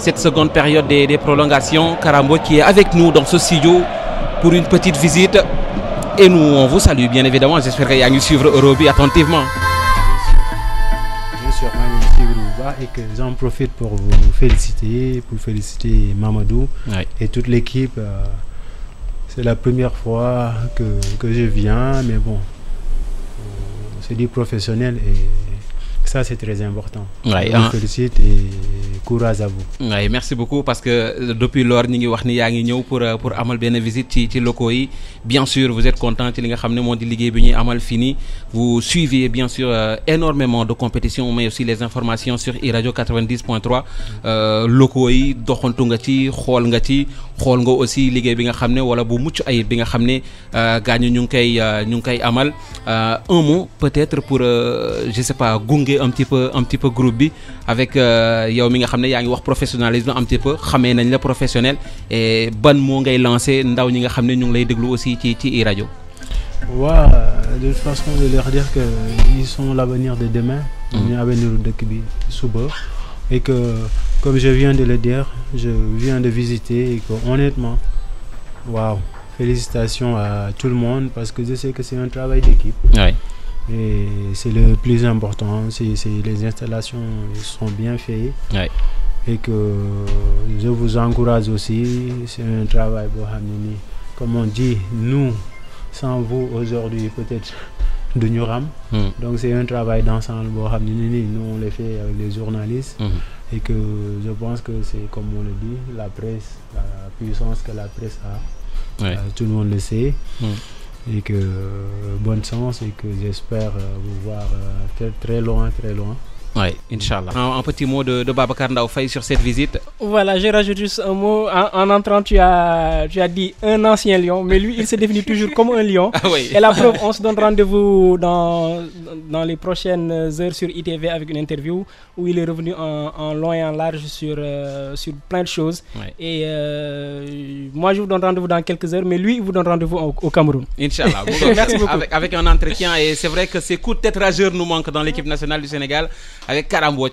cette seconde période des, prolongations. Karambo qui est avec nous dans ce studio pour une petite visite. Et nous, on vous salue bien évidemment. J'espère qu'il y a nous suivre Eurobi attentivement. Bien sûr, et que j'en profite pour vous féliciter, pour féliciter Mamadou et toute l'équipe. Euh, c'est la première fois que, que je viens, mais bon, euh, c'est du professionnel et ça c'est très important. Ouais, vous hein. félicite et courage à vous. merci beaucoup parce que euh, depuis lors nous ngi wax ni pour euh, pour amal bien visite ci ci locaux yi bien sûr vous êtes content ci li nga xamné ne amal fini. vous suivez bien sûr euh, énormément de compétition mais aussi les informations sur iRadio 90.3 locaux yi doxantu nga ci xol nga ci xol nga aussi ligue bi nga xamné wala bu mucc ayib bi nga xamné amal un mot peut-être pour je sais pas gungé un petit peu un petit peu groupe avec yow mi nga xam ne yaa ngi wax professionnalisme un petit peu xamee nañ la professionnel et ban moo ngay lancé ndaw ñi nga xam ne ñu lay déglu aussi ci ci rajo. de toute façon de leur dire que ils sont l'avenir de demain. ñu mmh. avenir dëkk bi suba. et que comme je viens de le dire je viens de visiter et que honnêtement waaw félicitations à tout le monde parce que je sais que c'est un travail d'équipe. Et c'est le plus important. C'est, les installations sont bien faites. Et que je vous encourage aussi. C'est un travail pour Comme on dit, nous, sans vous aujourd'hui, peut-être de Nuram. Hmm. Donc c'est un travail d'ensemble. Nous, on le fait avec les journalistes. Hmm. Et que je pense que c'est, comme on le dit, la presse, la puissance que la presse a. Euh, tout le monde le sait. Hmm et que euh, bonne chance et que j'espère euh, vous voir euh, très, très loin, très loin. Oui, Inch'Allah. Un, petit mot de, de Babacar Faye sur cette visite. Voilà, je rajoute juste un mot. En, entrant, tu as, tu as dit un ancien lion, mais lui, il s'est défini toujours comme un lion. Ah et la preuve, on se donne rendez-vous dans, dans les prochaines heures sur ITV avec une interview où il est revenu en, long et en large sur, euh, sur plein de choses. Et euh, moi, je vous donne rendez-vous dans quelques heures, mais lui, il vous donne rendez-vous au, Cameroun. Inch'Allah. Merci beaucoup. Avec, avec un entretien, et c'est vrai que ces coups de tête rageurs nous manquent dans l'équipe nationale du Sénégal. Ale karambɔ